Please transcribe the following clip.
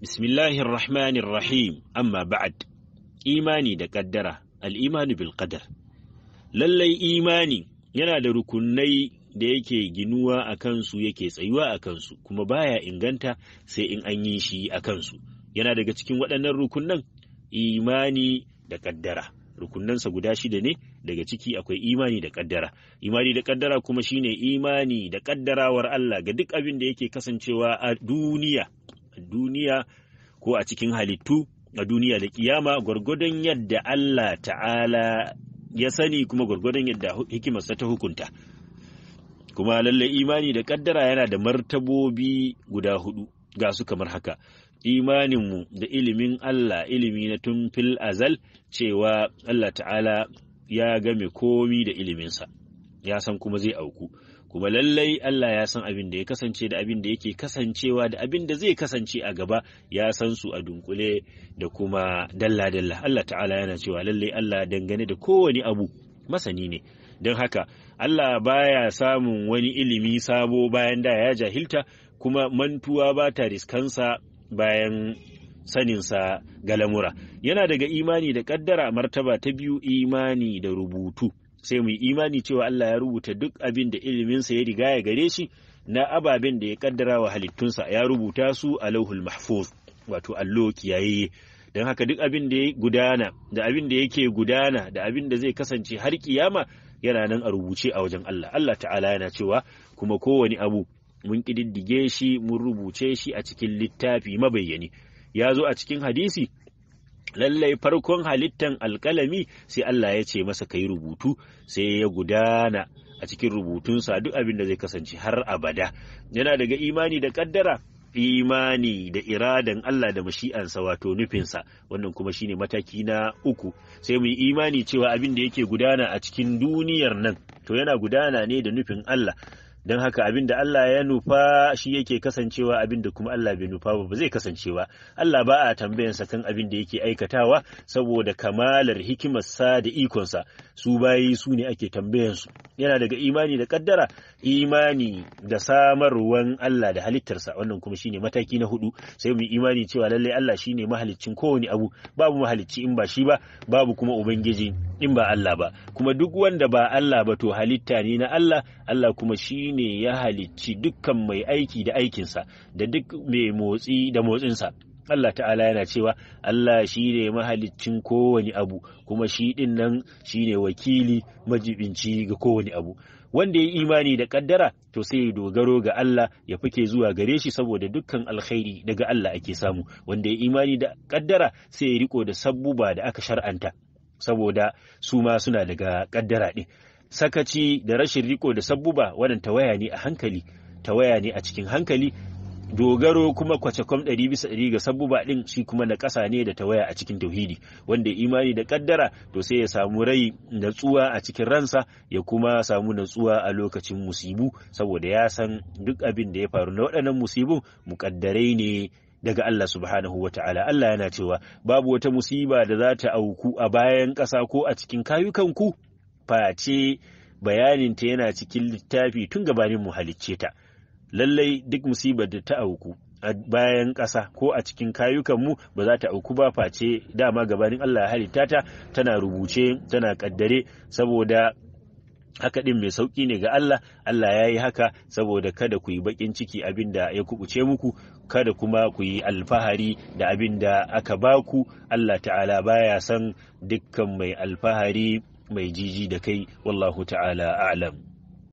Bismillahir Rahmanir Rahim, amma ba'ad, imani da ƙaddara, al'imani bil ƙadar. Lallai imani yana da rukunai da yake ginuwa a kansu yake tsayuwa a kansu, kuma baya inganta sai in an yi shi a kansu. Yana daga cikin waɗannan rukunan imani da ƙaddara. Rukunansa guda shida ne daga ciki akwai imani da ƙaddara. Imani da ƙaddara kuma shine imani da ƙaddarawar Allah ga duk abin da yake kasancewa a duniya duniya ko a cikin halittu a duniya da kiyama gwargwadon yadda Allah ta'ala ya sani kuma gwargwadon yadda hikimarsa ta hukunta kuma lalle imani da kaddara yana da martabobi guda hudu ga su kamar haka imaninmu da ilimin Allah ilimi na tun fil azal cewa Allah ta'ala ya game komi da iliminsa ya san kuma zai auku kuma lallai Allah ya san abin da ya kasance da abin da yake kasancewa da abin da zai kasance a gaba ya san su a dunkule da kuma dalla dalla Allah ta'ala yana cewa lallai Allah dangane da kowane abu masani ne don haka Allah baya samun wani ilimi sabo bayan da ya jahilta kuma mantuwa ba ta riskansa bayan saninsa ga lamura yana daga imani da ƙaddara martaba ta biyu imani da rubutu sai mu yi imani cewa Allah ya rubuta duk abin da iliminsa ya riga ya gare shi na ababen da ya kaddara wa halittunsa ya rubuta su a lauhul mahfuz wato allo kiyaye don haka duk abin da ya gudana da abin da yake gudana da abin da zai kasance har kiyama yana nan a rubuce a wajen Allah Allah ta'ala yana cewa kuma kowane abu mun kididdige shi mun rubuce shi a cikin littafi mabayyani ya zo a cikin hadisi lallai farkon halittan alkalami sai Allah ya ce masa kai rubutu sai ya gudana a cikin rubutunsa duk abin da zai kasance har abada yana daga imani da kaddara imani da iradan Allah da mashi'ansa wato nufinsa wannan kuma shine mataki na uku sai mu yi imani cewa abin da yake gudana a cikin duniyar nan to yana gudana ne da nufin Allah don haka abin da Allah ya nufa shi yake kasancewa abin da kuma Allah bai nufa ba zai kasance ba Allah ba a sa kan abin da yake aikatawa saboda kamalar hikimarsa da ikonsa su bayi su ne ake tambayansu yana daga imani da kaddara imani da samarwan Allah da halittarsa wannan kuma shine mataki na hudu sai mu imani cewa lallai Allah shine mahaliccin kowane abu babu mahalicci in ba shi ba babu kuma ubangiji in ba Allah ba kuma duk wanda ba Allah ba to halitta ne na Allah Allah kuma shine ya halicci dukkan mai aiki da aikinsa da duk mai motsi da motsinsa Allah ta'ala yana cewa Allah shi ne mahaliccin kowane abu kuma shi ɗin nan shi ne wakili majibinci ga kowane abu wanda ya yi imani da kaddara to sai dogaro ga Allah ya fike zuwa gare shi saboda dukkan alkhairi daga Allah ake samu wanda ya yi imani da kaddara sai ya riko da sabbuba da aka shar'anta saboda su ma suna daga kaddara ɗin sakaci da rashin riko da sabbuba waɗanta waya ne a hankali ta waya ne a cikin hankali dogaro kuma kwacakwam ɗari bisa ɗari ga sabuba ɗin shi kuma na ƙasa ne da tawaya a cikin tauhidi wanda imani da ƙaddara to sai ya samu rai natsuwa a cikin ransa ya kuma samu natsuwa a lokacin musibu saboda ya san duk abin da ya faru na waɗannan musibun muƙaddarai ne daga Allah subhanahu wa ta'ala Allah yana cewa babu wata musiba da za ta auku a bayan ƙasa ko a cikin kayukanku face bayaninta yana cikin littafi tun gabanin mu halicce ta lallai duk musibar da ta auku a bayan ƙasa ko a cikin kayukanmu ba za ta auku ba face dama gabanin Allah ya halitta ta tana rubuce tana kaddare saboda haka ɗin mai sauki ne ga Allah Allah ya yi haka saboda kada ku yi bakin ciki abin da ya kubuce muku kada kuma ku yi alfahari da abin da aka baku Allah ta'ala baya san dukkan mai alfahari mai jiji da kai wallahu ta'ala a'lam